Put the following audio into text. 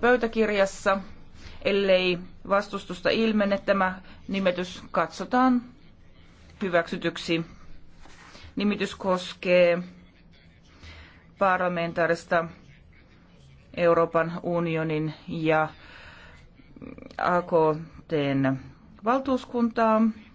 pöytäkirjassa. Ellei vastustusta ilmene, tämä nimitys katsotaan hyväksytyksi. Nimitys koskee parlamentaarista Euroopan unionin ja AKTn valtuuskuntaa.